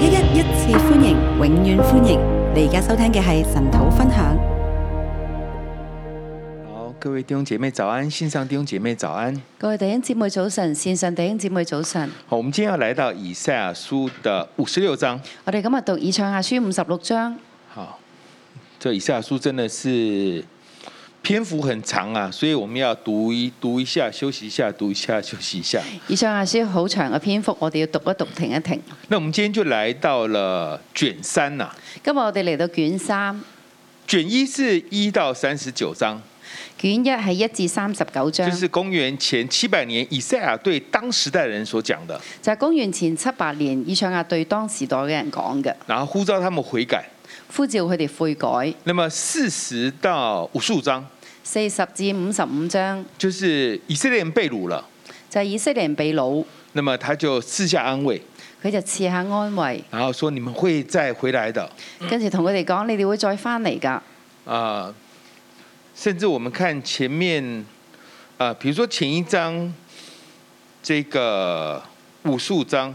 一一一次歡迎，永遠歡迎！你而家收聽嘅係神土分享。好，各位弟兄姐妹早安，線上弟兄姐妹早安，各位弟兄姐妹早晨，線上弟兄姐妹早晨。好，我們今日要來到以賽亞書的五十六章，我哋今日讀以賽亞書五十六章。好，這以賽亞書真的是。篇幅很長啊，所以我們要讀一讀一下，休息一下，讀一下，休息一下。以賽亞書好長嘅篇幅，我哋要讀一讀，停一停。那我們今天就來到了卷三啊。今日我哋嚟到卷三。卷一係一到三十九章。卷一係一至三十九章，就是公元前七百年以賽亞對當時代人所講的。就係、是、公元前七百年以賽亞對當時代嘅人講嘅，然後呼召他們悔改。呼召佢哋悔改。那麼四十到五十五章。四十至五十五章。就是以色列人被擄了。就係、是、以色列人被擄。那麼他就賜下安慰。佢就賜下安慰。然後說你們會再回來的。跟住同佢哋講，你哋會再翻嚟噶。啊，甚至我們看前面啊，比如說前一章，這個五十五章。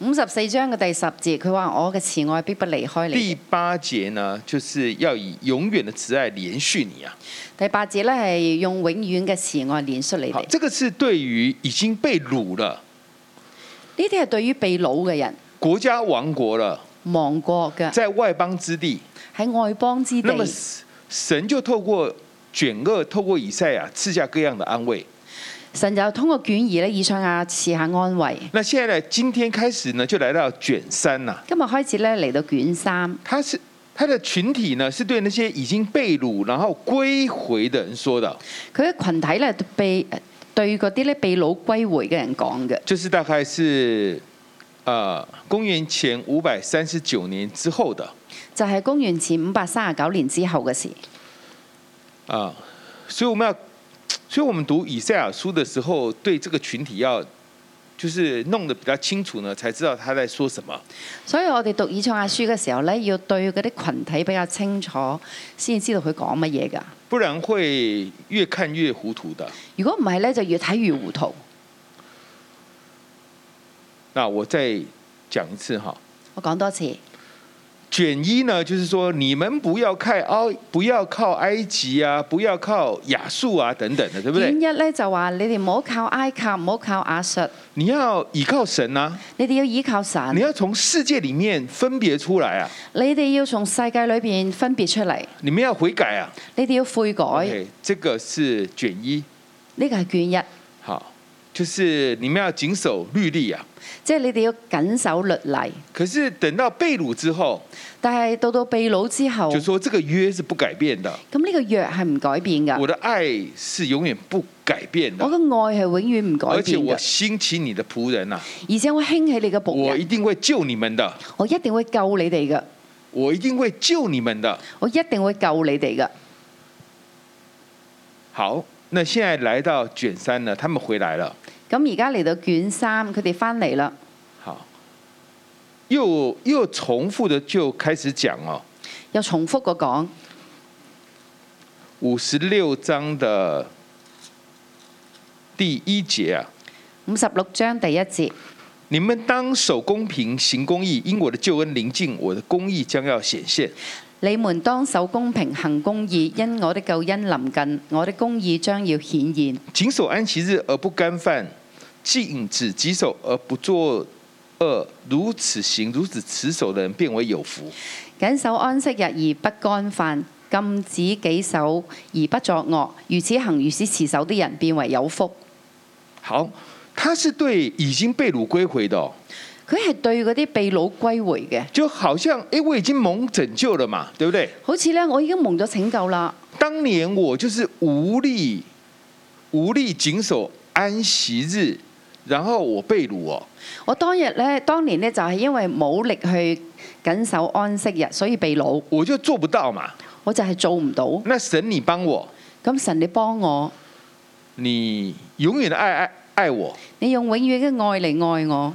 五十四章嘅第十節，佢話我嘅慈愛必不離開你。第八節呢，就是要以永遠的慈愛連續你啊！第八節咧係用永遠嘅慈愛連續你哋。好，這個是對於已經被擄了，呢啲係對於被擄嘅人，國家亡國了，亡國嘅，在外邦之地，喺外邦之地，神就透過卷二，透過以賽亞，賜下各樣嘅安慰。神就通過卷二呢，以上下賜下安慰。那現在呢？今天開始呢，就來到卷三啦。今日開始呢，嚟到卷三。他是他的群體呢，是對那些已經被擄然後歸回的人說的。佢嘅群體呢，被對嗰啲呢，被擄歸回嘅人講嘅。就是大概是，啊、呃，公元前五百三十九年之後的。就係、是、公元前五百三十九年之後嘅事。啊，所以我哋要所以，我們讀以賽亞書的時候，對這個群體要，就是弄得比較清楚呢，才知道他在說什麼。所以我哋讀以賽亞書嘅時候呢，要對嗰啲群體比較清楚，先知道佢講乜嘢㗎。不然會越看越糊塗的。如果唔係呢，就越睇越糊塗。嗱，我再講一次哈。我講多次。卷一呢，就是說你們不要靠，不要靠埃及啊，不要靠亞述啊，等等的，對不對？卷一咧就話你哋唔好靠埃及，唔好靠亞述。你要倚靠神啊！你哋要倚靠神。你要從世界裏面分別出來啊！你哋要從世界裏邊分別出嚟。你們要悔改啊！你哋要悔改 okay, 這。這個是卷一。呢個係卷一。就是你們要謹守律例啊！即係你哋要謹守律例。可是等到被擄之後，但係到到被擄之後，就說這個約是不改變的。咁呢個約係唔改變嘅。我的愛是永遠不改變的。我嘅愛係永遠唔改變。而且我興起你的僕人啊！而且我興起你嘅僕人，我一定會救你們的。我一定會救你哋嘅。我一定會救你們的。我一定會救你哋嘅。好。那現在來到卷三呢？他們回來了。咁而家嚟到卷三，佢哋翻嚟啦。好，又又重複的就開始講哦。又重複個講。五十六章的第一節啊。五十六章第一節。你們當守公平行公義，因我的救恩臨近，我的公義將要顯現。你們當守公平行公義，因我的救恩臨近，我的公義將要顯現。謹守安息日而不干犯，禁止己手而不作惡，如此行如此持守的人，變為有福。謹守安息日而不干犯，禁止己守而不作惡，如此行如此持守的人，變為有福。好，他是對已經被擄歸回的。佢係對嗰啲被擄歸回嘅，就好像誒、欸，我已經蒙拯救了嘛，對不對？好似咧，我已經蒙咗拯救啦。當年我就是無力無力緊守安息日，然後我被擄哦。我當日咧，當年呢，就係因為冇力去緊守安息日，所以被擄。我就做不到嘛，我就係做唔到。那神你幫我，咁神你幫我，你永遠愛愛愛我，你用永遠嘅愛嚟愛我。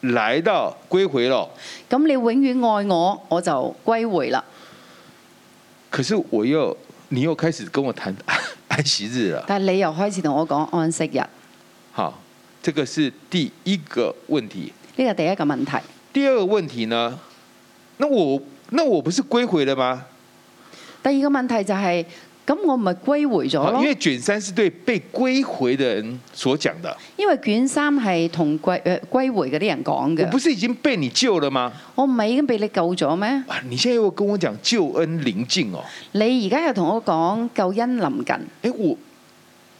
來到歸回咯，咁你永遠愛我，我就歸回啦。可是我又，你又開始跟我談安息日啦。但係你又開始同我講安息日，好，這個是第一個問題。呢個第一個問題。第二個問題呢？那我，那我不是歸回了嗎？第二個問題就係。咁我唔係歸回咗，因為卷三是對被歸回的人所講的。因為卷三係同歸誒歸回嗰啲人講嘅。我不是已經被你救了嗎？我唔係已經俾你救咗咩？你現在又會跟我講救恩臨近哦。你而家又同我講救恩臨近。誒，我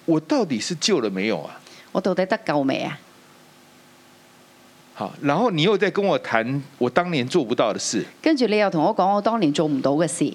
我到底是救了沒有啊？我到底得救未啊？好，然後你又再跟我談我當年做不到的事。跟住你又同我講我當年做唔到嘅事。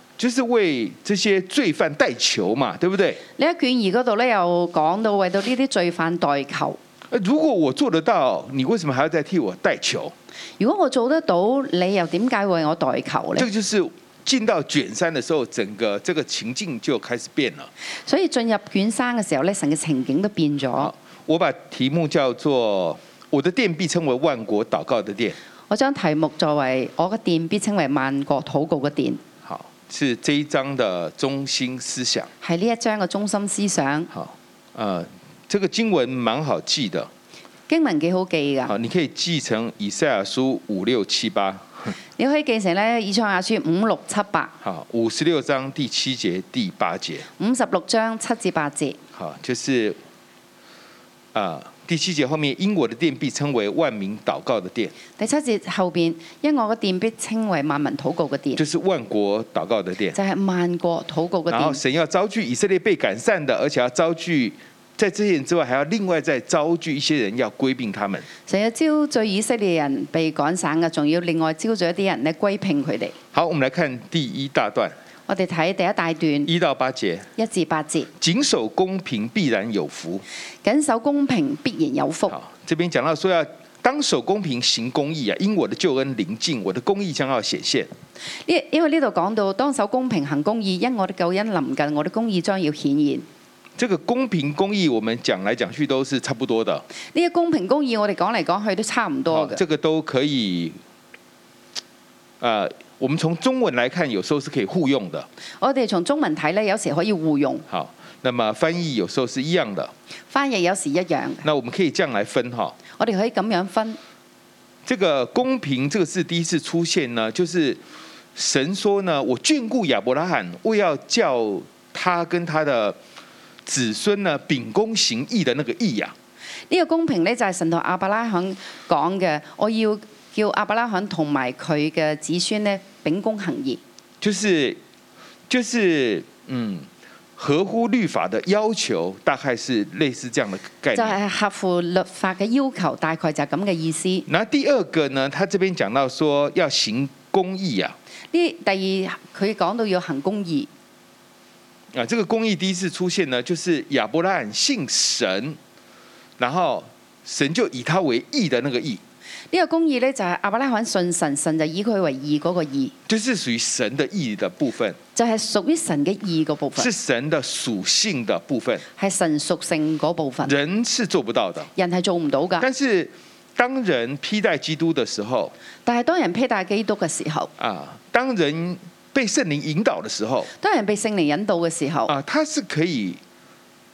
就是為這些罪犯代求嘛，對不對？你喺卷二嗰度咧，又講到為到呢啲罪犯代求。如果我做得到，你為什麼還要再替我代求？如果我做得到，你又點解為我代求呢？這個就是進到卷三的時候，整個這個情境就開始變了。所以進入卷三嘅時候咧，神嘅情景都變咗。我把題目叫做我的殿必稱為萬國禱告的殿」，我將題目作為我嘅殿必稱為萬國禱告嘅殿」。是這一章的中心思想，係呢一章嘅中心思想。好，啊、呃，這個經文蠻好記的，經文幾好記噶。好，你可以記成以賽亞書五六七八， 你可以記成咧以賽亞書五六七八。好，五十六章第七節，第八節，五十六章七至八節。好，就是啊。呃第七節後面，因我的殿必稱為萬民禱告的殿。第七節後邊，因我的殿必稱為萬民禱告的殿，就是萬國禱告的殿。就係、是、萬國禱告。然後神要招聚以色列被趕散的，而且要招聚在這些人之外，還要另外再招聚一些人，要歸併他們。神要招聚以色列人被趕散的，仲要另外招聚一啲人嚟歸併佢哋。好，我們來看第一大段。我哋睇第一大段，一到八節，一至八節，謹守公平必然有福，謹守公平必然有福。好，這邊講到說要當守公平行公義啊，因我的救恩臨近，我的公義將要顯現。因因為呢度講到當守公平行公義，因我的救恩臨近，我的公義將要顯現這要顯。這個公平公義，我們講來講去都是差不多的。呢、這個公平公義，我哋講嚟講去都差唔多嘅。這個都可以，呃我們從中文來看，有時候是可以互用的。我哋從中文睇呢，有時可以互用。好，那麼翻譯有時候是一樣的。翻譯有時一樣的。那我們可以這樣來分哈。我哋可以咁樣分。這個公平這個是第一次出現呢，就是神說呢，我眷顧亞伯拉罕，為要叫他跟他的子孫呢，秉公行義的那個義呀。呢個公平呢，就係神同亞伯拉罕講嘅，我要。叫亞伯拉罕同埋佢嘅子孫呢，秉公行義，就是就是嗯，合乎律法的要求，大概是類似這樣的概念。就係、是、合乎律法嘅要求，大概就係咁嘅意思。嗱，第二個呢，他這邊講到說要行公義啊。呢，第二佢講到要行公義啊，這個公義第一次出現呢，就是亞伯拉罕信神，然後神就以他為義的那個義。呢、這個公義呢，就係阿伯拉罕信神，神就以佢為義嗰個義。就是屬於神嘅義的部分。就係、是、屬於神嘅義個部分。是神嘅屬性的部分。係神屬性嗰部分。人是做不到的。人係做唔到噶。但是當人披戴基督嘅時候，但係當人披戴基督嘅時候，啊，當人被聖靈引導嘅時候，當人被聖靈引導嘅時候，啊，他是可以。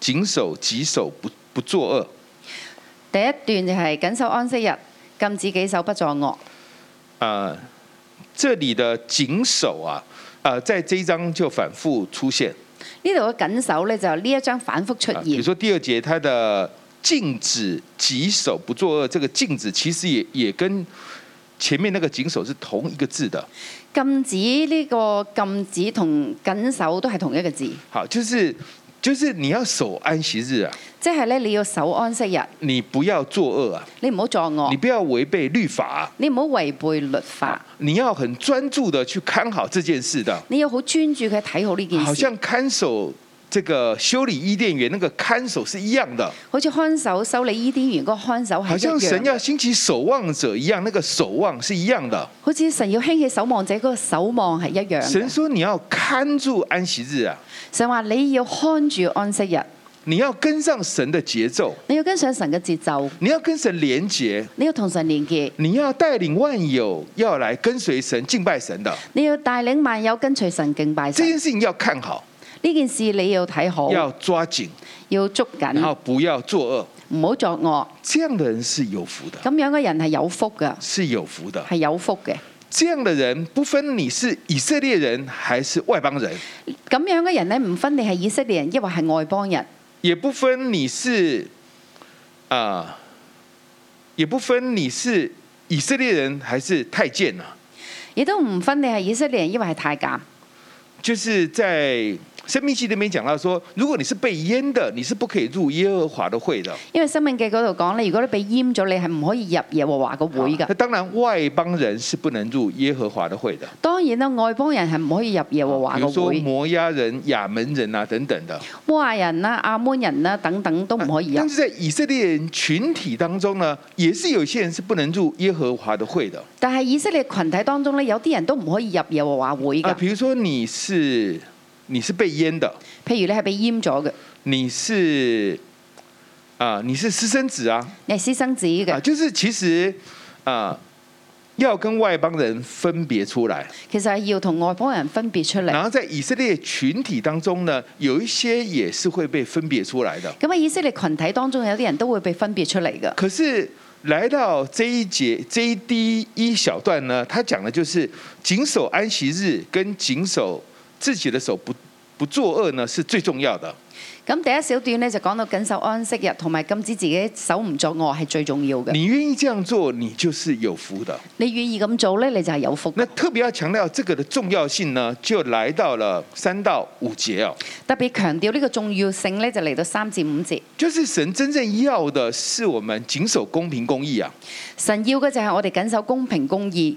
謹守己手不不作惡。第一段就係謹守安息日，禁止己手不作惡。啊、呃，這裏的謹守啊、呃，在這一章就反覆出現。呢度嘅謹守呢，就呢、是、一章反覆出現。啊、呃，比如說第二節，它的禁止己手不作惡，這個禁止其實也也跟前面那個謹守是同一個字的。禁止呢個禁止同謹守都係同一個字。好，就是。就是你要守安息日啊！即係咧，你要守安息日。你不要作惡啊！你唔好作惡。你不要違背律法啊！你唔好違背律法。你要很專注的去看好這件事的。你要好專注去睇好呢件事。好像看守。這個修理伊甸園那個看守是一樣的，好似看守修理伊甸園嗰個看守係一樣。好像神要興起守望者一樣，那個守望是一樣的。好似神要興起守望者嗰個守望係一樣。神說你要看住安息日啊，神話你要看住安息日，你要跟上神的節奏，你要跟上神嘅節奏，你要跟神連結，你要同神連結，你要帶領萬有要來跟隨神敬拜神的，你要帶領萬有跟隨神敬拜神。這件事情要看好。呢件事你要睇好，要抓緊，要捉緊，不要作惡，唔好作惡。這樣的人是有福的，咁樣嘅人係有福嘅，是有福的，係有福嘅。這樣的人不分你是以色列人還是外邦人，咁樣嘅人呢，唔分你係以色列人抑或係外邦人，也不分你是啊、呃，也不分你是以色列人還是太監啦、啊，亦都唔分你係以色列人抑或係太監，就是在。生命記裏面講到說，說如果你是被淹的，你是不可以入耶和華的會的。因為生命記嗰度講，你如果你被淹咗，你係唔可以入耶和華嘅會噶。啊、當然，外邦人是不能入耶和華的會的。當然啦，外邦人係唔可以入耶和華嘅會。你、啊、說摩押人、亞門人啊等等的，摩押人啦、啊、亞門人啦、啊、等等都唔可以、啊。但是在以色列人群體當中呢，也是有些人是不能入耶和華的會的。但係以色列群體當中呢，有啲人都唔可以入耶和華會噶。譬、啊、如說你是。你是被淹的，譬如你係被淹咗嘅。你是啊、呃，你是私生子啊，你係私生子嘅。啊，就是其實啊、呃，要跟外邦人分別出來。其實係要同外邦人分別出嚟。然後在以色列群體當中呢，有一些也是會被分別出來的。咁啊，以色列群體當中有啲人都會被分別出嚟嘅。可是來到這一節這一第一小段呢，他講嘅就是謹守安息日跟謹守。自己的手不不作惡呢，是最重要的。咁第一小段呢就講到緊守安息日，同埋禁止自己手唔作惡係最重要的。你願意這樣做，你就是有福的。你願意咁做咧，你就係有福。那特別要強調這個的重要性呢，就來到了三到五節哦。特別強調呢個重要性咧，就嚟到三至五節。就是神真正要的是我們謹守公平公義啊！神要嘅就係我哋謹守公平公義。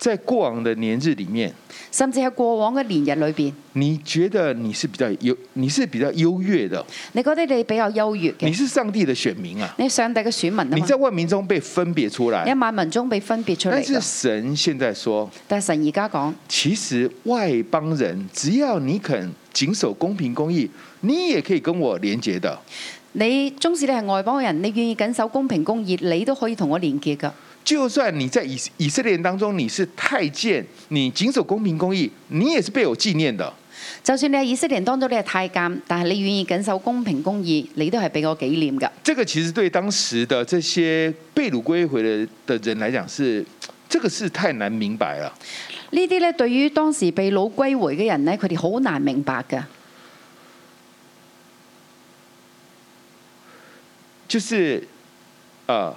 在過往的年日裏面，甚至喺過往嘅年日裏邊，你覺得你是比較優，你是比較優越的？你覺得你比較優越？你是上帝的選民啊！你是上帝嘅選民，啊？你在外你是萬民中被分別出來，一萬民中被分別出嚟。但是神現在說，但係神而家講，其實外邦人只要你肯謹守公平公義，你也可以跟我連結的。你即使你係外邦人，你願意謹守公平公義，你都可以同我連結噶。就算你在以以色列當中你是太監，你謹守公平公義，你也是被我紀念的。就算你喺以色列當中你是太監，但係你願意謹守公平公義，你都係俾我紀念嘅。這個其實對當時的這些被擄歸回的的人來講是，是這個是太難明白了。呢啲呢對於當時被擄歸回嘅人呢，佢哋好難明白㗎。就是，啊、呃。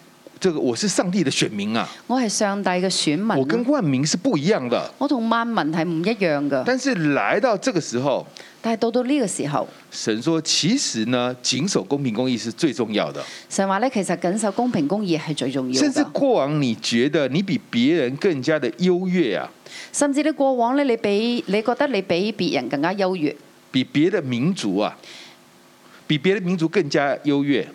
這個我是上帝的選民啊，我係上帝嘅選民，我跟萬民是不一樣的，我同萬民係唔一樣嘅。但是來到這個時候，但係到到呢個時候，神說其實呢，謹守公平公義是最重要的。神話咧，其實謹守公平公義係最重要。甚至過往你覺得你比別人更加的優越啊，甚至你過往呢，你比你覺得你比別人更加優越，比別的民族啊，比別的民族更加優越。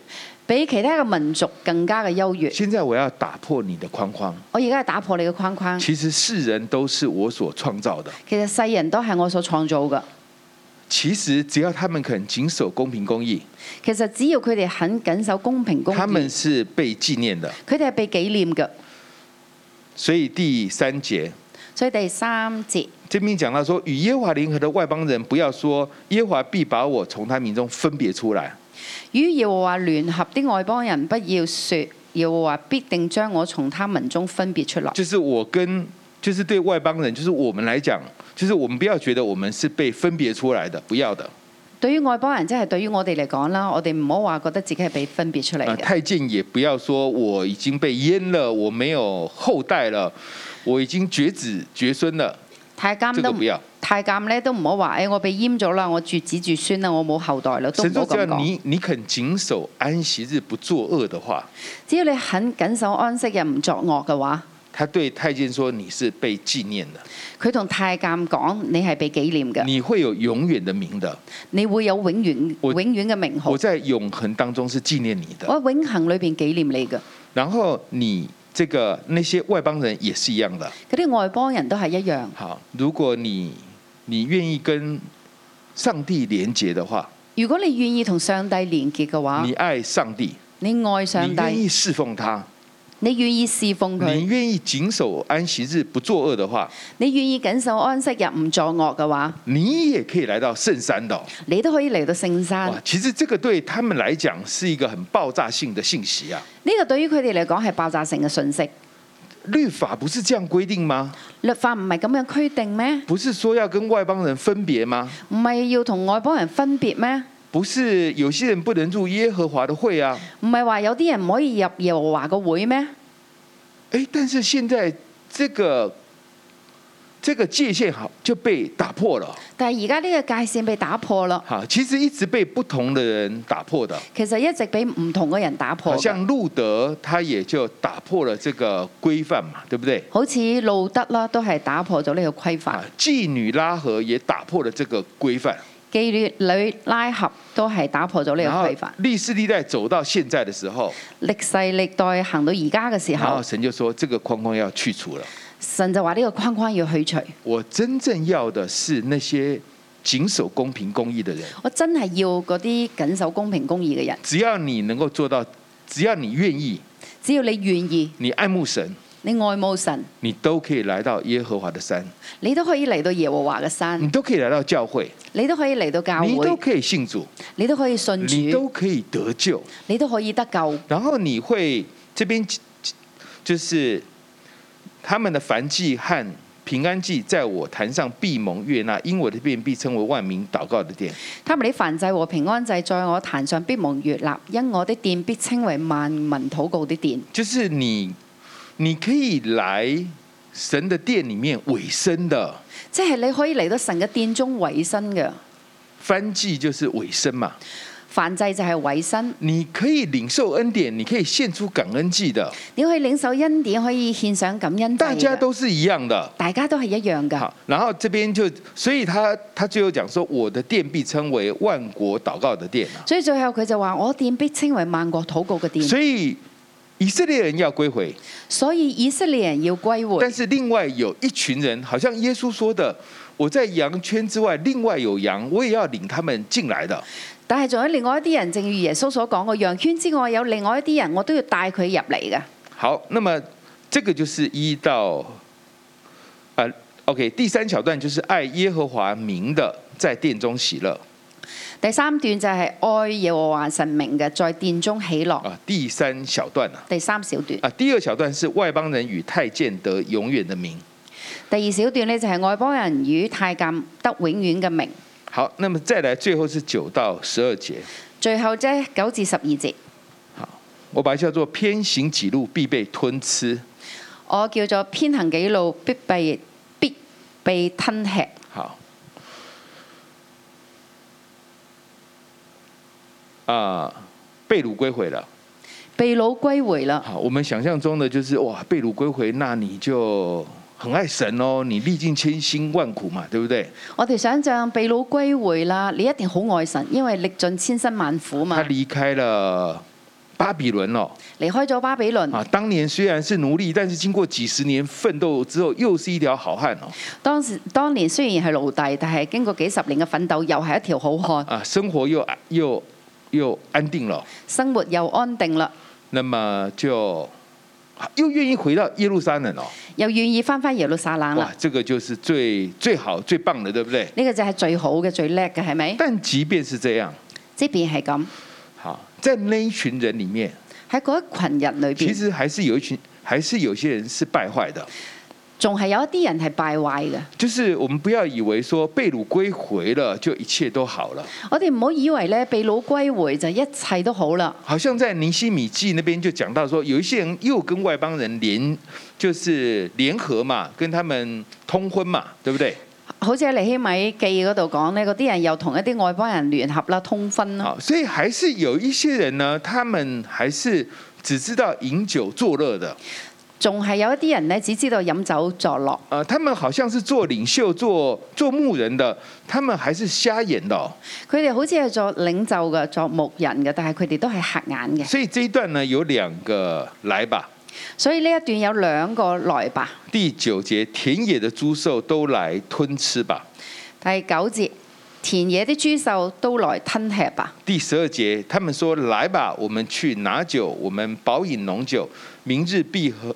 比其他嘅民族更加嘅優越。現在我要打破你的框框，我而家要打破你嘅框框。其實世人都是我所創造的。其實世人都係我所創造嘅。其實只要他們肯謹守公平公義。其實只要佢哋肯謹守公平公義。他們是被紀念的。佢哋係被紀念嘅。所以第三節。所以第三節。這邊講到說，與耶和華聯合的外邦人，不要說耶和華必把我從他民中分別出來。與耶和華聯合啲外邦人，不要說耶和華必定將我從他民中分別出來。就是我跟，就是對外邦人，就是我們來講，就是我們不要覺得我們是被分別出來的，不要的。對於外邦人，即、就、係、是、對於我哋嚟講啦，我哋唔好話覺得自己係被分別出來。太監也不要說我已經被閹了，我沒有後代了，我已經絕子絕孫了。太監都、這個、要太監咧都唔好話誒，我被閹咗啦，我絕子絕孫啦，我冇後代啦，都冇咁講。神主教，你你肯謹守安息日不作惡的話，只要你肯謹守安息日唔作惡嘅話，他對太監說你是被紀念的。佢同太監講你係被紀念嘅，你會有永遠的名的，你會有永遠永遠嘅名號。我在永恆當中是紀念你的，我永恆裏邊紀念你嘅。然後你。這個那些外邦人也是一樣的。嗰啲外邦人都係一樣。好，如果你你願意跟上帝連結的話，如果你願意同上帝連結嘅話，你愛上帝，你愛上帝，你願意侍奉他。你願意侍奉佢？你願意謹守安息日不作惡的話，你願意謹守安息日唔作惡嘅話，你也可以來到聖山度、哦。你都可以嚟到聖山。其實這個對他們來講是一個很爆炸性的信息啊！呢個對於佢哋嚟講係爆炸性嘅信息。律法不是這樣規定嗎？律法唔係咁樣規定咩？不是說要跟外邦人分別嗎？唔係要同外邦人分別咩？不是有些人不能入耶和華的會啊？唔係話有啲人唔可以入耶和華個會咩？誒、欸，但是現在這個這個界限哈就被打破了。但係而家呢個界限被打破了。好，其實一直被不同的人打破的。其實一直被唔同嘅人打破。好像路德，他也就打破了這個規範嘛，對不對？好似路德啦，都係打破咗呢個規範。妓女拉合也打破了這個規範。妓女喇合都係打破咗呢個規範。然後歷世歷代走到現在嘅時候，歷世歷代行到而家嘅時候，神就說：這個框框要去除了。神就話呢個框框要去除。我真正要的是那些謹守公平公義嘅人。我真係要嗰啲謹守公平公義嘅人。只要你能夠做到，只要你願意，只要你願意，你愛慕神。你愛慕神，你都可以來到耶和華的山；你都可以嚟到耶和華嘅山；你都可以來到教會；你都可以嚟到教會；你都可以信主；你都可以信主；你都可以得救；你都可以得救。然後你會這邊，這邊就是他們的燔祭和平安祭，在我壇上必蒙悅納，因我的殿必稱為萬民禱告的殿。他們啲燔祭和平安祭，在我壇上必蒙悅納，因我的殿必稱為萬民禱告的殿。就是你。你可以來神的殿裏面委身的，即係你可以嚟到神嘅殿中委身嘅。番祭就是委身嘛，凡祭就係委身。你可以領受恩典，你可以獻出感恩祭的。你可以領受恩典，可以獻上感恩。大家都是一樣的，大家都是一樣的。好，然後這邊就，所以他他最後講說，我的殿必稱為萬國禱告的殿。」所以最後佢就話，我的殿被稱為萬國禱告嘅殿。」所以。以色列人要歸回，所以以色列人要歸回。但是另外有一群人，好像耶穌說的，我在羊圈之外，另外有羊，我也要領他們進來的。但係仲有另外一啲人，正如耶穌所講嘅，羊圈之外有另外一啲人，我都要帶佢入嚟嘅。好，那麼這個就是一到，啊，OK，第三小段就是愛耶和華名的，在殿中喜樂。第三段就係愛耶和華神明嘅，在殿中喜樂。啊，第三小段啊。第三小段。啊，第二小段是外邦人與太監得永遠的名。第二小段呢，就係外邦人與太監得永遠嘅名。好，那麼再來最後是九到十二節。最後即係九至十二節。好，我把佢叫做偏行幾路必被吞吃。我叫做偏行幾路必被必被吞吃。啊！被擄歸回了，被擄歸回了。好，我們想象中的就是哇，被擄歸回，那你就很愛神哦，你歷盡千辛萬苦嘛，對不對？我哋想象被擄歸回啦，你一定好愛神，因為歷盡千辛萬苦嘛。他離開了巴比倫咯，離開咗巴比倫。啊，當年雖然是奴隸，但是經過幾十年奮鬥之後，又是一條好漢哦。當時當年雖然係奴隸，但係經過幾十年嘅奮鬥，又係一條好漢。啊，生活又又。又安定咯，生活又安定了，那麼就又願意回到耶路撒冷咯，又願意返返耶路撒冷啦。哇，這個就是最最好最棒的，對不對？呢個就係最好嘅最叻嘅，係咪？但即便是這樣，即便係咁好，在呢一群人裏面，喺嗰一群人裏邊，其實還是有一群，還是有些人是敗壞的。仲係有一啲人係敗壞嘅，就是我們不要以為說被擄歸回了就一切都好了。我哋唔好以為呢，被擄歸回就一切都好了。好像在尼希米記嗰邊就講到說，有一些人又跟外邦人聯，就是聯合嘛，跟他們通婚嘛，對不對？好似喺尼希米記嗰度講呢，嗰啲人又同一啲外邦人聯合啦，通婚囉。所以還是有一些人呢，他們還是只知道飲酒作樂的。仲係有一啲人咧，只知道飲酒作樂。啊，他們好像是做領袖、做做牧人的，他們還是瞎眼的。佢哋好似係做領袖嘅、做牧人嘅，但係佢哋都係瞎眼嘅。所以呢一段呢有兩個來吧。所以呢一段有兩個來吧。第九節，田野的諸獸都來吞吃吧。第九節，田野的諸獸都來吞吃吧。第十二節，他們說：來吧，我們去拿酒，我們飽飲濃酒，明日必喝。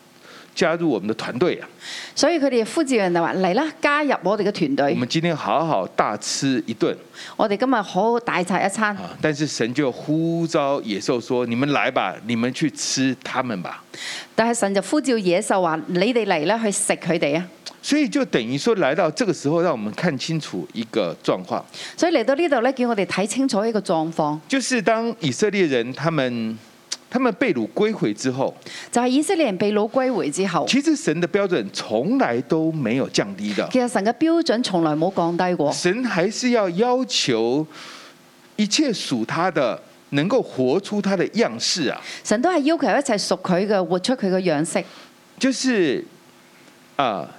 加入我們的團隊啊！所以佢哋呼召人就話嚟啦，加入我哋嘅團隊。我們今天好好大吃一頓。我哋今日好好大食一餐。但是神就呼召野獸說：你們來吧，你們去吃他們吧。但係神就呼召野獸話：你哋嚟啦，去食佢哋啊！所以就等於說，來到這個時候，讓我們看清楚一個狀況。所以嚟到呢度咧，叫我哋睇清楚一個狀況，就是當以色列人他們。他們被擄歸回之後，就係以色列人被擄歸回之後。其實神的標準從來都沒有降低的。其實神嘅標準從來冇降低過。神還是要要求一切屬他的能夠活出他的樣式啊！神都係要求一切屬佢嘅活出佢嘅樣式，就是啊，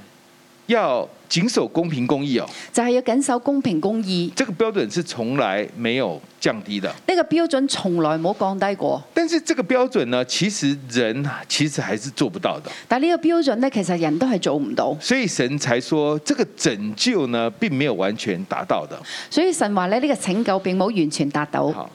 要。謹守公平公義哦，就係要謹守公平公義。這個標準是從來沒有降低的。呢個標準從來冇降低過。但是這個標準呢，其實人其實還是做不到的。但呢個標準呢，其實人都係做唔到。所以神才說，這個拯救呢，並沒有完全達到的。所以神話呢，呢個拯救並冇完全達到。好，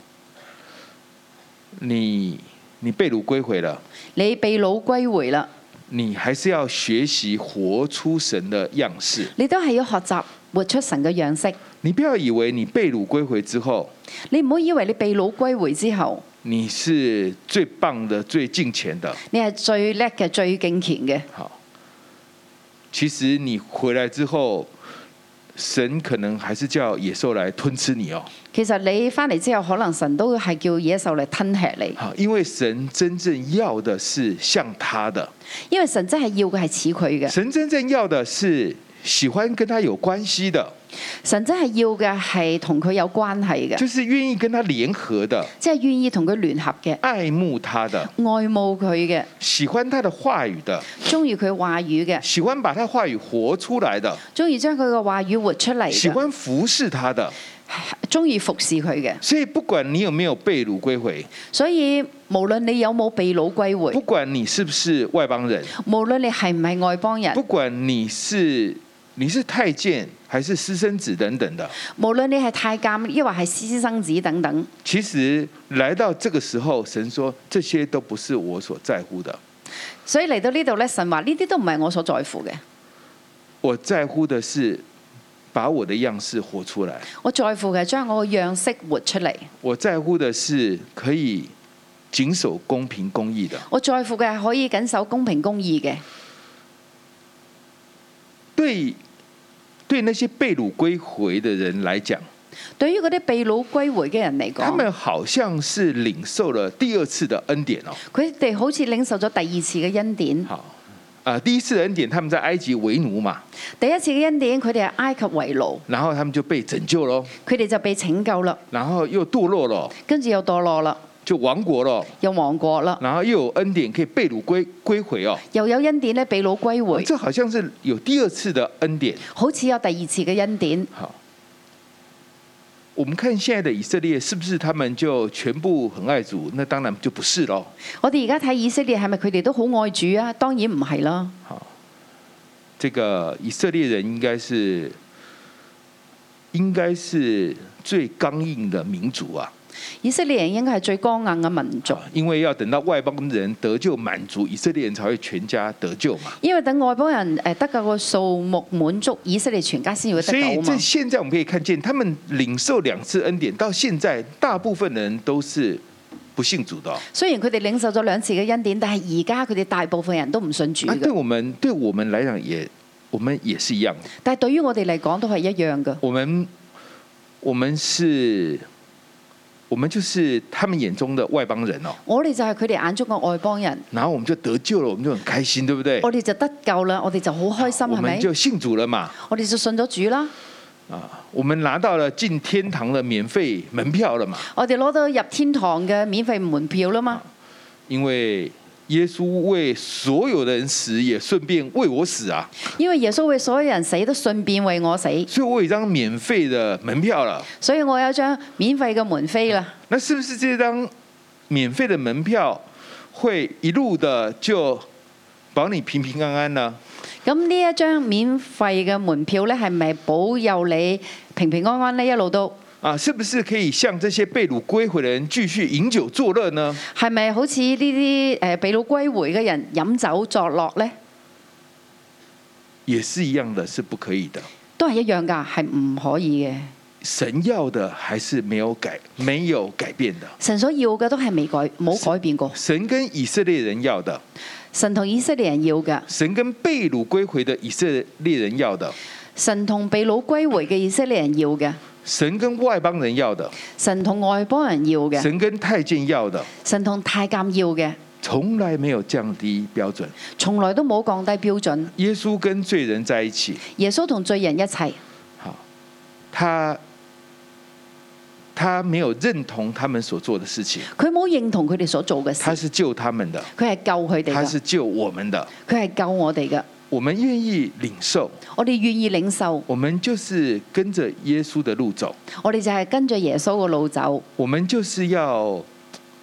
你你被擄歸回了，你被擄歸回了。你還是要學習活出神的樣式，你都係要學習活出神嘅樣式。你不要以為你被擄歸回之後，你唔好以為你被擄歸回之後，你是最棒的、最敬虔的，你係最叻嘅、最敬虔嘅。好，其實你回來之後。神可能還是叫野獸來吞吃你哦。其實你翻嚟之後，可能神都會係叫野獸嚟吞吃你。好，因為神真正要的是像他的。因為神真係要嘅係佢嘅。神真正要的是喜歡跟他有關係的。神真係要嘅係同佢有關係嘅，就是願意跟他聯合嘅，即係願意同佢聯合嘅，愛慕他的，愛慕佢嘅，喜歡他的話語的，中意佢話語嘅，喜歡把他話語活出來的，中意將佢嘅話語活出嚟，喜歡服侍他的，中意服侍佢嘅。所以不管你有沒有被擄歸回，所以無論你有冇被擄歸回，不管你是不是外邦人，無論你係唔係外邦人，不管你是。你是太監還是私生子等等的？無論你係太監抑或係私生子等等，其實來到這個時候，神說這些都不是我所在乎的。所以嚟到呢度咧，神話呢啲都唔係我所在乎嘅。我在乎的是把我的樣式活出來。我在乎嘅將我嘅樣式活出嚟。我在乎的是可以謹守公平公義的。我在乎嘅係可以謹守公平公義嘅。對。對那些被擄歸回的人來講，對於嗰啲被擄歸回嘅人嚟講，他們好像是領受了第二次的恩典咯，哦。佢哋好似領受咗第二次嘅恩典。好，啊、呃，第一次嘅恩典，他們在埃及為奴嘛。第一次嘅恩典，佢哋喺埃及為奴。然後他們就被拯救咯。佢哋就被拯救啦。然後又墮落咯。跟住又墮落啦。就亡國咯，有亡國啦，然後又有恩典可以被擄歸歸回哦。又有恩典呢，被擄歸回。啊，這好像是有第二次的恩典，好似有第二次嘅恩典。好，我們看現在的以色列，是不是他們就全部很愛主？那當然就不是咯。我哋而家睇以色列係咪佢哋都好愛主啊？當然唔係啦。好，這個以色列人應該是，應該是最剛硬的民族啊。以色列人應該係最剛硬嘅民族，啊，因為要等到外邦人得救滿足，以色列人才會全家得救嘛。因為等外邦人誒得夠個數目滿足，以色列全家先會得救嘛。所以，現在我們可以看見，他們領受兩次恩典，到現在大部分人都是不信主的。雖然佢哋領受咗兩次嘅恩典，但係而家佢哋大部分人都唔信主。啊，對我們，對我們嚟講，也我們也是一樣。但係對於我哋嚟講，都係一樣嘅。我們，我們是。我們就是他們眼中的外邦人哦，我哋就係佢哋眼中嘅外邦人，然後我們就得救了，我們就很開心，對不對？我哋就得救啦，我哋就好開心，係咪？就信主了嘛，我哋就信咗主啦，我們拿到了進天堂的免費門票了嘛，我哋攞到入天堂嘅免費門票啦嘛，因為。耶穌為所有的人死，也順便為我死啊！因為耶穌為所有人死，都順便為我死，所以我有一張免費的門票啦。所以我有張免費嘅門飛啦。那是不是這張免費的門票會一路的就保你平平安安呢？咁呢一張免費嘅門票咧，係咪保佑你平平安安呢？一路都？啊，是不是可以向這些被擄歸回的人繼續飲酒作樂呢？係咪好似呢啲誒被擄歸回嘅人飲酒作樂呢？也是一樣嘅，是不可以的。都係一樣噶，係唔可以嘅。神要的還是沒有改，沒有改變的。神所要嘅都係未改，冇改變過。神跟以色列人要的，神同以色列人要嘅，神跟被擄歸回的以色列人要的，神同被擄歸回嘅以色列人要嘅。神跟外邦人要的，神同外邦人要嘅，神跟太監要的，神同太監要嘅，從來沒有降低標準，從來都冇降低標準。耶穌跟罪人在一起，耶穌同罪人一齊。好，他他沒有認同他們所做的事情，佢冇認同佢哋所做嘅事，他是救他們的，佢係救佢哋，他是救我們的，佢係救我哋嘅。我們願意領受，我哋願意領受。我們就是跟着耶穌的路走，我哋就係跟着耶穌嘅路走。我們就是要，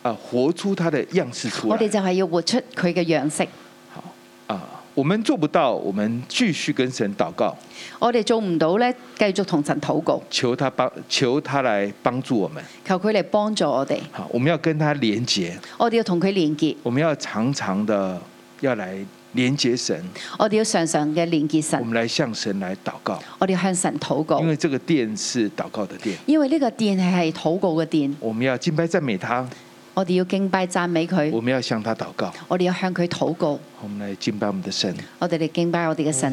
啊，活出他的樣式出嚟。我哋就係要活出佢嘅樣式。好啊，我們做不到，我們繼續跟神禱告。我哋做唔到咧，繼續同神禱告，求他幫，求他來幫助我們，求佢嚟幫助我哋。好，我們要跟他連結，我哋要同佢連結，我們要常常的要來。連結神，我哋要常常嘅連結神。我們來向神來禱告，我哋向神禱告。因為這個殿是禱告的殿，因為呢個殿係禱告嘅殿。我們要敬拜讚美他，我哋要敬拜讚美佢。我們要向他禱告，我哋要向佢禱告。我們來敬拜我們的神，我哋嚟敬拜我哋嘅神。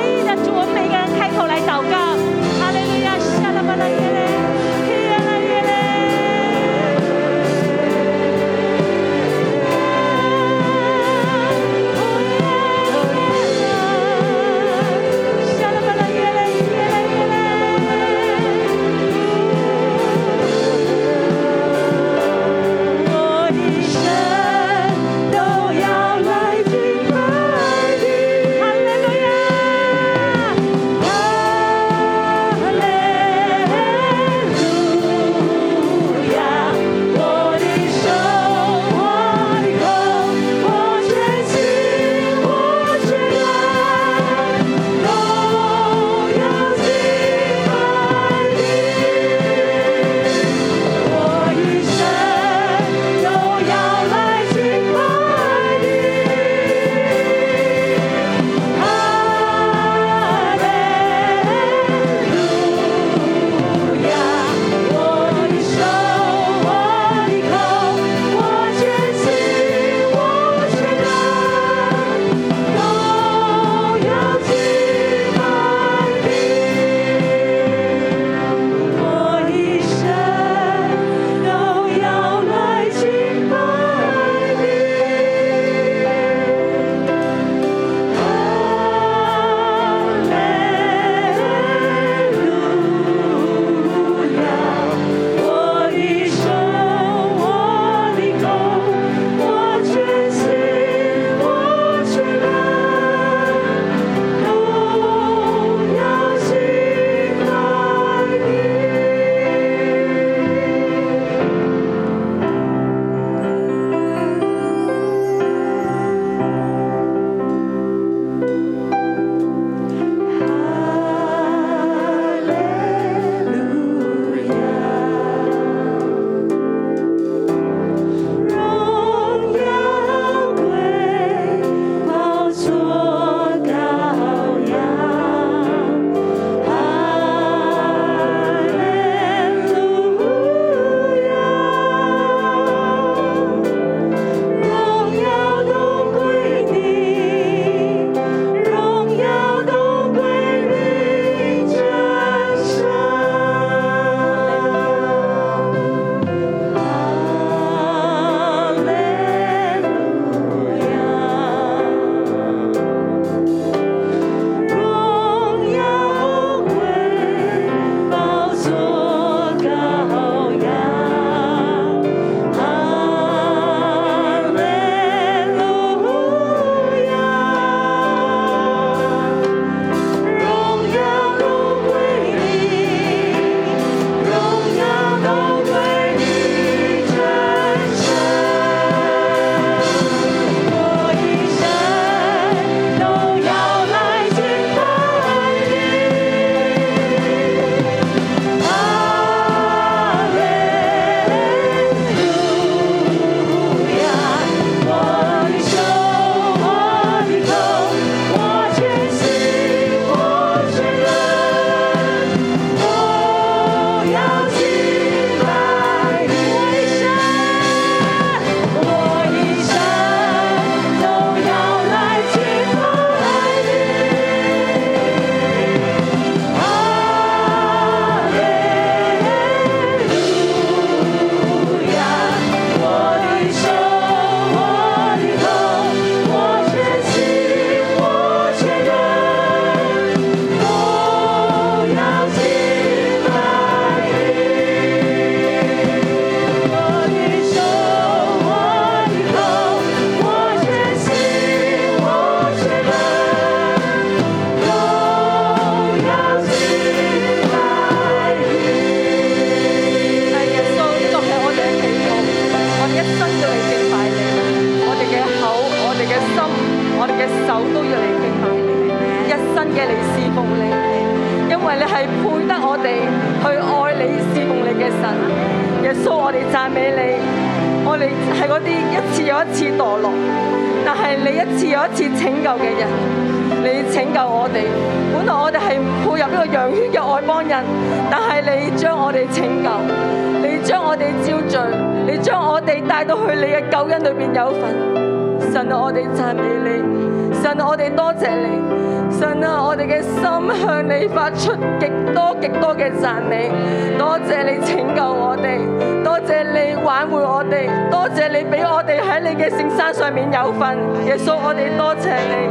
上面有份，耶穌，我哋多謝，謝你，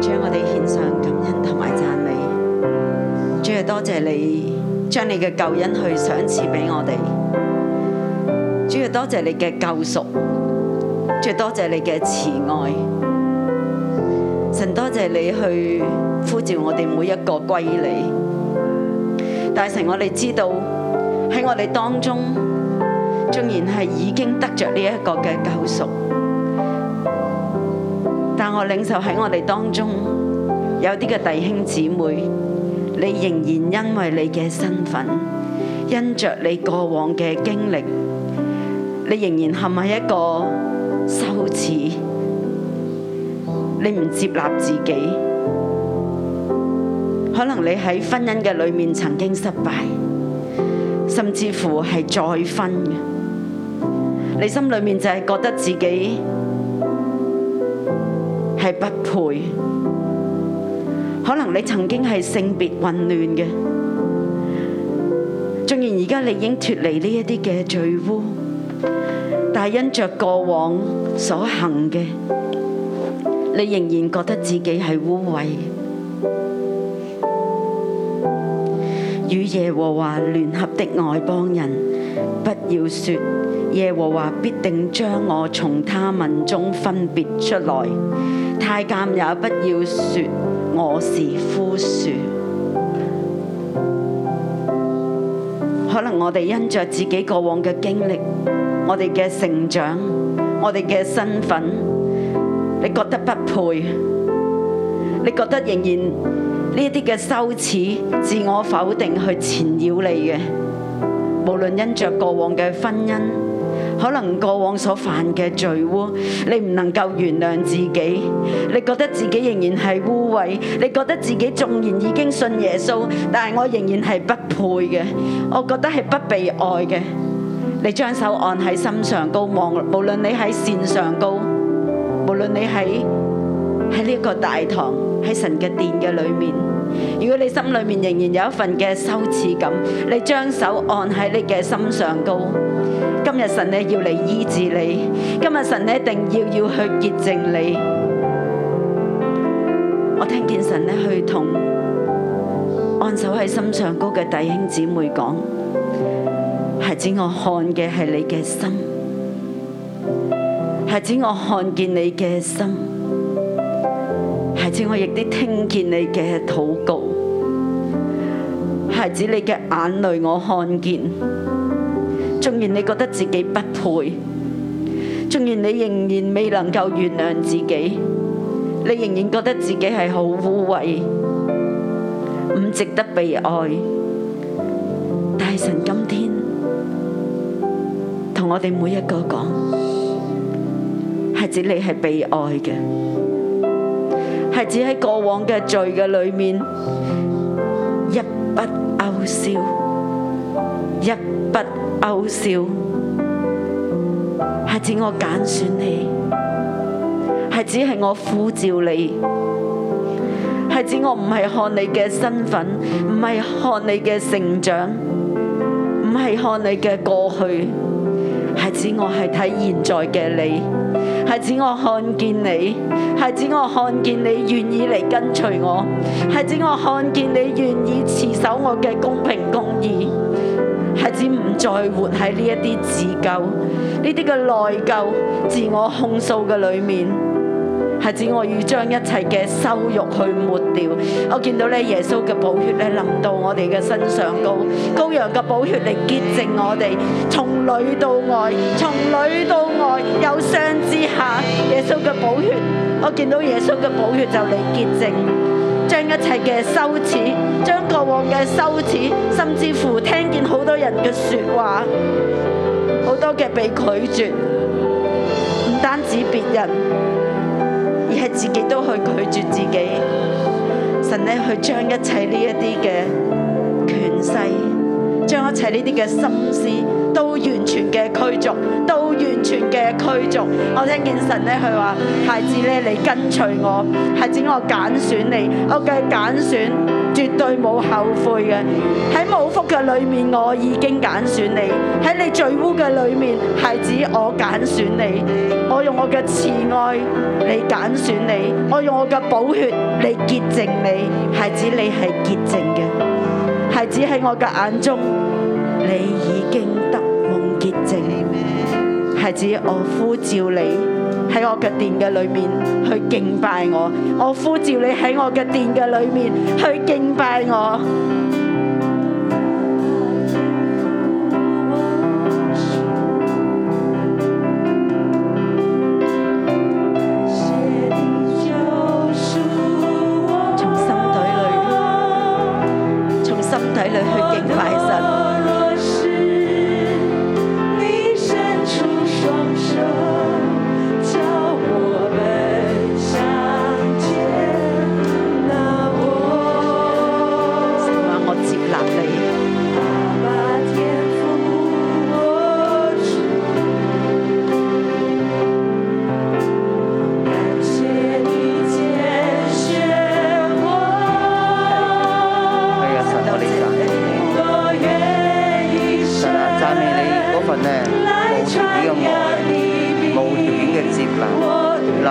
將我哋獻上感恩同埋讚美。主要多謝你將你嘅救恩去賞賜俾我哋。主要多謝你嘅救贖，主要多謝你嘅慈愛。神多謝你去呼召我哋每一個歸你。大神，我哋知道喺我哋當中。縱然係已經得着呢一個嘅救贖，但我領受喺我哋當中有啲嘅弟兄姊妹，你仍然因為你嘅身份，因着你過往嘅經歷，你仍然係咪一個羞恥？你唔接納自己？可能你喺婚姻嘅裏面曾經失敗，甚至乎係再婚嘅。你心裏面就係覺得自己係不配，可能你曾經係性別混亂嘅，縱然而家你已經脫離呢一啲嘅罪污，但係因著過往所行嘅，你仍然覺得自己係污穢，與耶和華聯合的外邦人。不要說耶和華必定將我從他民中分別出來，太監也不要說我是枯樹。可能我哋因着自己過往嘅經歷，我哋嘅成長，我哋嘅身份，你覺得不配，你覺得仍然呢一啲嘅羞恥、自我否定去纏繞你嘅。無論因着過往嘅婚姻，可能過往所犯嘅罪污，你唔能夠原諒自己，你覺得自己仍然係污穢，你覺得自己縱然已經信耶穌，但係我仍然係不配嘅，我覺得係不被愛嘅。你將手按喺心上高望，無論你喺線上高，無論你喺喺呢個大堂喺神嘅殿嘅裏面。如果你心裏面仍然有一份嘅羞恥感，你將手按喺你嘅心上高，今日神呢要嚟醫治你，今日神呢一定要要去潔淨你。我聽見神呢去同按手喺心上高嘅弟兄姊妹講：孩子，我看嘅係你嘅心，孩子，我看見你嘅心。孩子，我亦都聽見你嘅禱告。孩子，你嘅眼淚我看見。縱然你覺得自己不配，縱然你仍然未能夠原諒自己，你仍然覺得自己係好污穢，唔值得被愛。但係神今天同我哋每一個講，孩子，你係被愛嘅。是指喺過往嘅罪嘅裏面，一筆勾銷，一筆勾銷。是指我揀選你，是指我呼召你，是指係我唔係看你嘅身份，唔係看你嘅成長，唔係看你嘅過去，是指我係睇現在嘅你。係指我看見你；係指我看見你願意嚟跟隨我；係指我看見你願意持守我嘅公平公義；係指唔再活喺呢一啲自救、呢啲嘅內疚、自我控訴嘅裏面。孩子，我要將一切嘅羞辱去抹掉。我見到咧，耶穌嘅寶血咧淋到我哋嘅身上高，羔羊嘅寶血嚟潔淨我哋。從裏到外，從裏到外，有傷之下，耶穌嘅寶血。我見到耶穌嘅寶血，血，血，血就嚟潔淨，將一切嘅羞恥，將過往嘅羞恥，甚至乎聽見好多人嘅說話，好多嘅被拒絕，唔單止別人。自己都去拒絕自己，神咧去將一切呢一啲嘅權勢，將一切呢啲嘅心思都完全嘅驅逐，都完全嘅驅逐。我聽見神咧佢話：孩子咧，你跟隨我，孩子，我揀選你，我嘅揀選。絕對冇後悔嘅，喺冇福嘅裏面我已經揀選你；喺你罪污嘅裏面，孩子我揀選你。我用我嘅慈愛嚟揀選你；我用我嘅寶血，嚟潔淨你。孩子你係潔淨嘅，孩子喺我嘅眼中，你已經得蒙潔淨。孩子我呼召你。喺我嘅殿嘅裏面去敬拜我，我呼召你喺我嘅殿嘅裏面去敬拜我。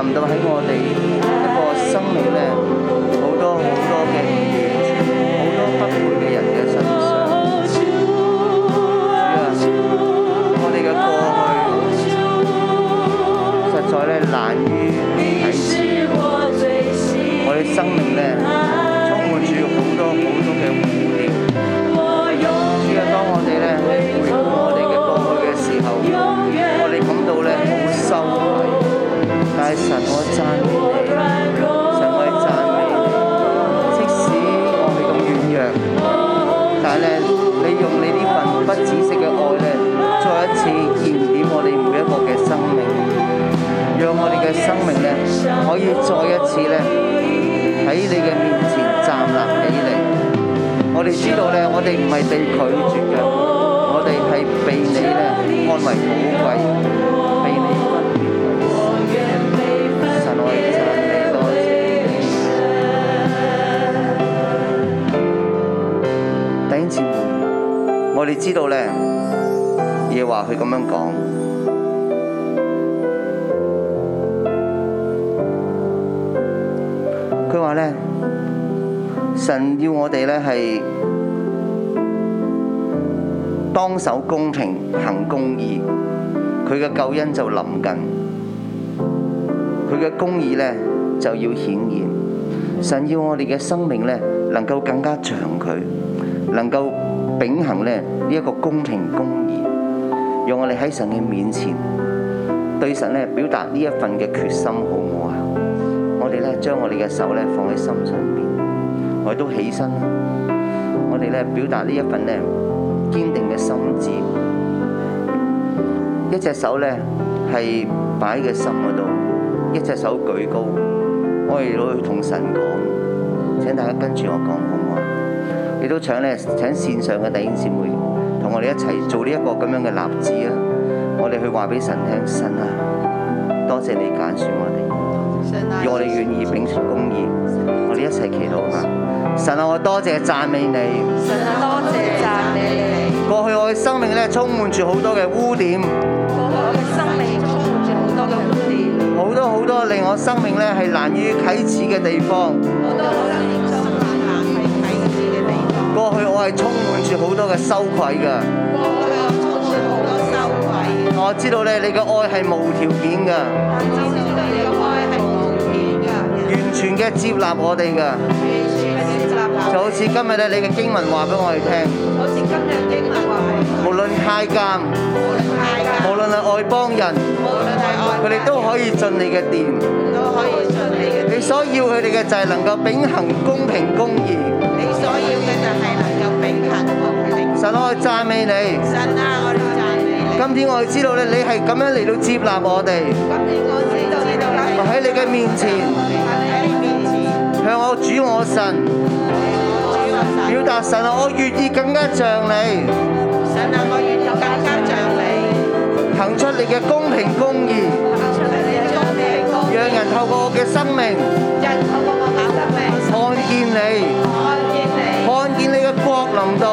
唔到喺我哋一個生理咧。佢咁樣講，佢話咧：神要我哋咧係當守公平，行公義，佢嘅救恩就臨近，佢嘅公義咧就要顯現。神要我哋嘅生命咧能夠更加長，佢能夠秉行咧呢一個公平公義。用我哋喺神嘅面前，對神呢表達呢一份嘅決心，好唔好啊？我哋呢將我哋嘅手呢放喺心上邊，我哋都起身，我哋呢表達呢一份呢堅定嘅心志，一隻手呢係擺喺個心嗰度，一隻手舉高，我哋攞去同神講。請大家跟住我講，好唔好啊？亦都請呢，請線上嘅弟兄姊妹。我哋一齊做呢一個咁樣嘅立志啊！我哋去話俾神聽，神啊，多謝你揀選我哋，我哋願意秉持公義，我哋一齊祈禱啊！神啊，我多謝讚美你，神啊，多謝讚美你。過去我嘅生命咧，充滿住好多嘅污點，過去我嘅生命充滿住好多嘅污點，好多好多令我生命咧係難於啟齒嘅地方。過去我係充滿住好多嘅羞愧嘅，過去我充滿好多羞愧。我知道咧，你嘅愛係無條件嘅，我知道你嘅愛係無條件嘅，完全嘅接納我哋嘅，完全嘅接納。就好似今日咧，你嘅經文話俾我哋聽，就好似今日經文話，無論太監，無論太監，無論係外邦人，無論係愛，佢哋都可以進你嘅殿，都可以進你嘅，你所要佢哋嘅就係能夠秉行公平公義。神啊！讚美你！神啊！我哋讚美你！今天我哋知道咧，你係咁樣嚟到接納我哋。今天我知道呢度咧。我喺你嘅面前，神喺你面前，向我主我神，向我主我神，表達神啊！我願意更加像你。神啊！我願意更加像你。行出你嘅公平公義，行出你嘅公平公義，讓人透過我嘅生命，讓人透過我嘅生命，看見你，看見你，看見你嘅國臨到。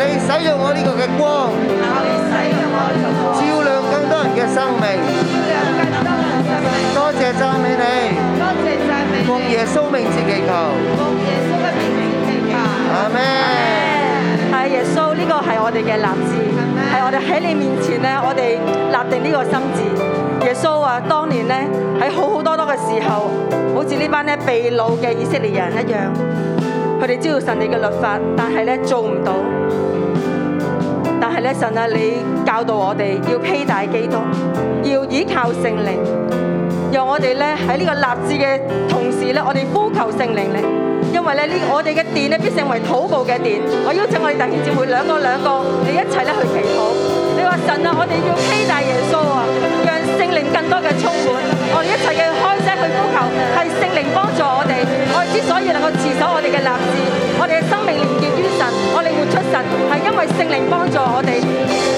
你使用我呢個嘅光，光，照亮更多人嘅生，生命。多謝讚美你，多謝讚美你。奉耶穌名字祈求，奉耶穌嘅名字祈求。阿們。係耶穌呢，這個係我哋嘅立志，係我哋喺你面前咧，我哋立定呢個心志。耶穌話當年咧喺好好多多嘅時候，好似呢班咧被擄嘅以色列人一樣，佢哋知道神哋嘅律法，但係咧做唔到。咧神啊，你教導我哋要披戴基督，要倚靠聖靈，讓我哋咧喺呢個立志嘅同時咧，我哋呼求聖靈咧，因為咧呢我哋嘅殿咧必成為禱告嘅殿。我邀請我哋弟兄姊妹兩個兩個，你一齊咧去祈禱。你話神啊，我哋要披戴耶穌啊！令更多嘅充滿，我哋一齊嘅開聲去呼求，係聖靈幫助我哋。我哋之所以能夠持守我哋嘅立志，我哋嘅生命連結於神，我哋活出神，係因為聖靈幫助我哋。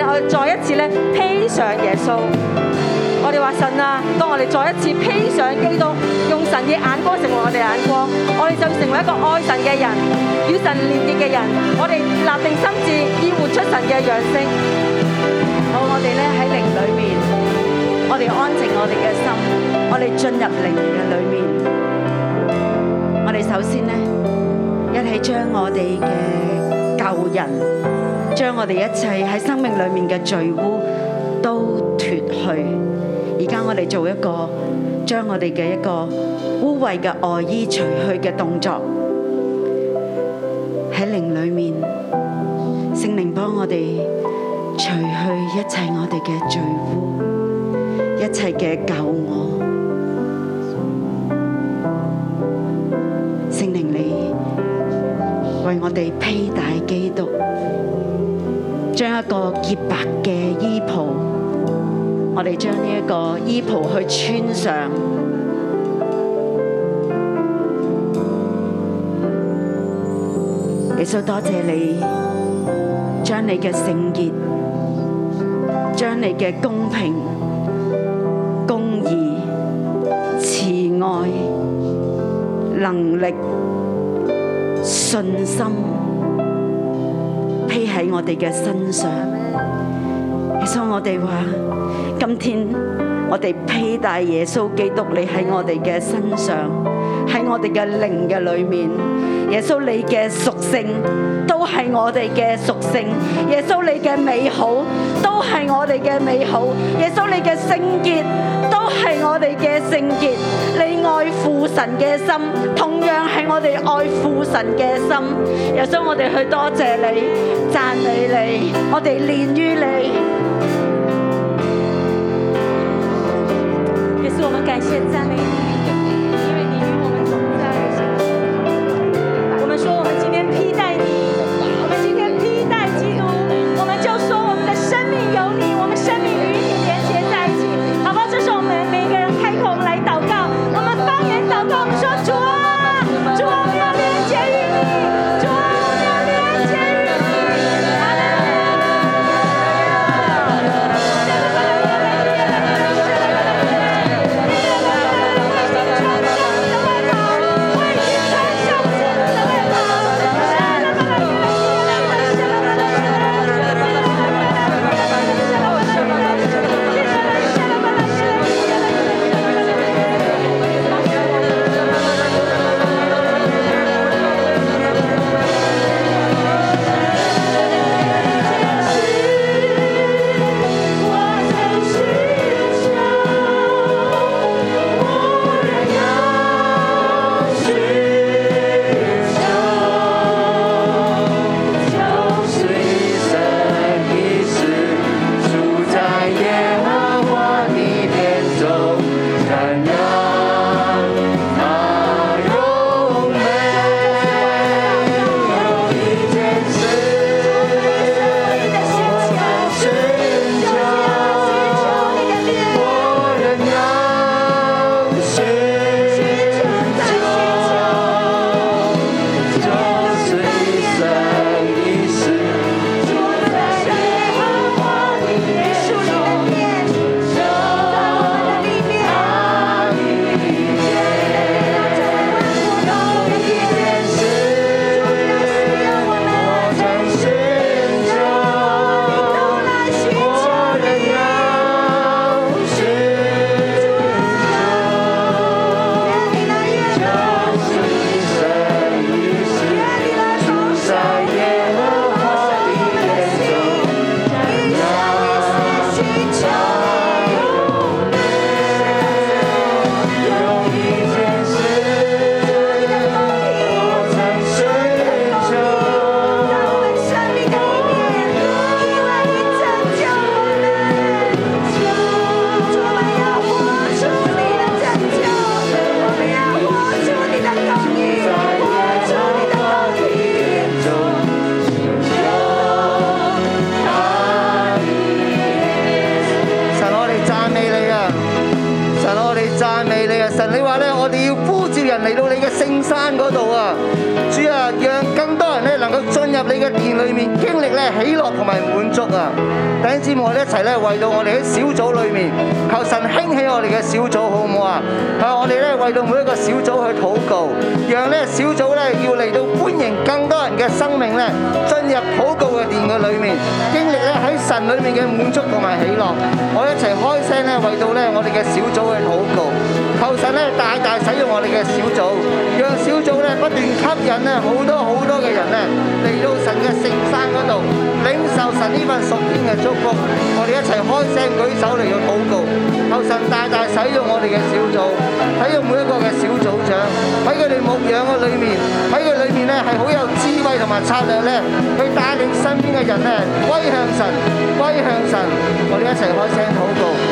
我哋再一次咧披上耶穌我，我哋話神啊！當我哋再一次披上基督，用神嘅眼光成為我哋眼光，我哋就成為一個愛神嘅人，與神連結嘅人。我哋立定心志，以活出神嘅樣式。好，我哋咧喺靈裏面，我哋安靜我哋嘅心，我哋進入靈嘅裏面。我哋首先咧，一齊將我哋嘅舊人。將我哋一切喺生命裏面嘅罪污都脫去，而家我哋做一個將我哋嘅一個污穢嘅外衣除去嘅動作靈，喺靈裏面，聖靈幫我哋除去一切我哋嘅罪污，一切嘅舊我，聖靈你為我哋披戴基督。一個潔白嘅衣袍，我哋將呢一個衣袍去穿上。耶穌多謝你，將你嘅聖潔，將你嘅公平、公義、慈愛、能力、信心。披喺我哋嘅身上，耶穌我哋話，今天我哋披戴耶穌基督，你喺我哋嘅身上，喺我哋嘅靈嘅裏面，耶穌你嘅屬性都係我哋嘅屬性，耶穌你嘅美好都係我哋嘅美好，耶穌你嘅聖潔都係我哋嘅聖潔。愛父神嘅心，同樣係我哋愛父神嘅心，又想我哋去多謝你、讚美你，我哋連於你。也是我們感謝讚美你。一齊咧為到我哋喺小組裏面，求神興起我哋嘅小組，好唔好啊？啊，我哋咧為到每一個小組去禱告，讓咧小組咧要嚟到歡迎更多人嘅生命咧進入禱告嘅殿嘅裏面，經歷咧喺神裏面嘅滿足同埋喜樂。我一齊開聲咧為到咧我哋嘅小組去禱告。求神咧大大使用我哋嘅小組，讓小組咧不斷吸引咧好多好多嘅人咧嚟到神嘅聖山嗰度領受神呢份屬天嘅祝福。我哋一齊開聲舉手嚟嘅禱告。求神大大使用我哋嘅小組，使用每一個嘅小組長，喺佢哋牧養嘅裏面，喺佢裏面咧係好有智慧同埋策略咧，去帶領身邊嘅人咧歸向神，歸向神。我哋一齊開聲禱告。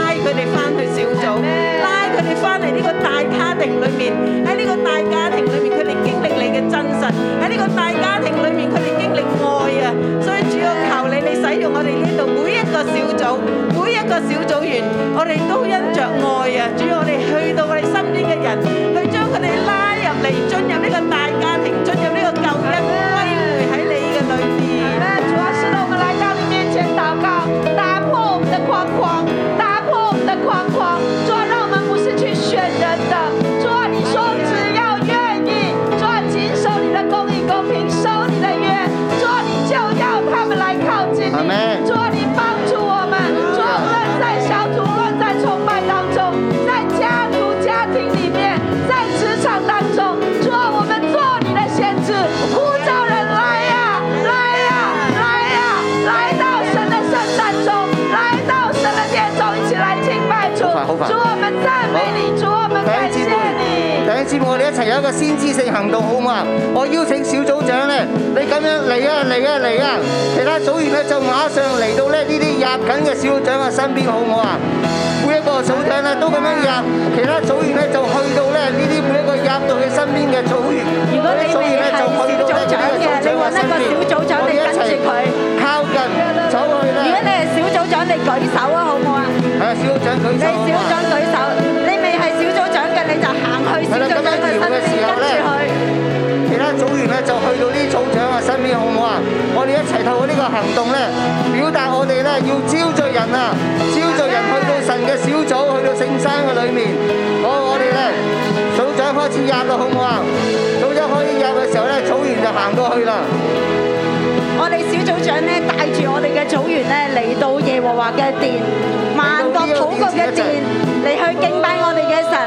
佢哋翻去小組，拉佢哋翻嚟呢個大家庭裏面。喺呢個大家庭裏面，佢哋經歷你嘅真實，喺呢個大家庭裏面，佢哋經歷愛啊。所以主要求你，你哋使用我哋呢度每一個小組，每一個小組員，我哋都因着愛啊。主要我哋去到我哋身邊嘅人，去將佢哋拉。係一個先知性行動，好唔好啊？我邀請小組長咧，你咁樣嚟啊嚟啊嚟啊！其他組員咧就馬上嚟到咧呢啲入緊嘅小組長嘅身邊，好唔好啊？每一個小組長咧都咁樣入，其他組員咧就去到咧呢啲每一個入到佢身邊嘅組員。如果你未係小組長嘅，你揾一個小組長嚟跟住佢，靠近組員啦。如果你係小組長，你舉手啊，好唔好啊？係啊，小組長舉手。你小組長舉手。你係小組長嘅，你就行去小組長嘅身邊跟住佢。其他組員咧就去到啲組長嘅身邊，好唔好啊？我哋一齊透過呢個行動咧，表達我哋咧要招聚人啊，招聚人去到神嘅小組，去到聖山嘅裏面。好，我我哋咧，組長開始入啦，好唔好啊？組長開始入嘅時候咧，組員就行到去啦。我哋小組長帶住我哋嘅組員，嚟到耶和華嘅殿，萬國禱告嘅殿嚟去敬拜我哋嘅神。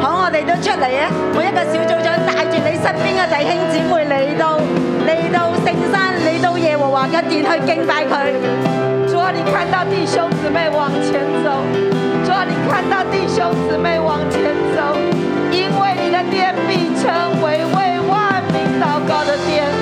好，我哋都出嚟啊，每一個小組長帶住你身邊嘅弟兄姐妹嚟到嚟到聖山嚟到耶和華嘅殿去敬拜佢。主啊，你看到弟兄姐妹往前走。主啊，你看到弟兄姐妹往前走，因為你的殿必成為為萬民禱告的殿。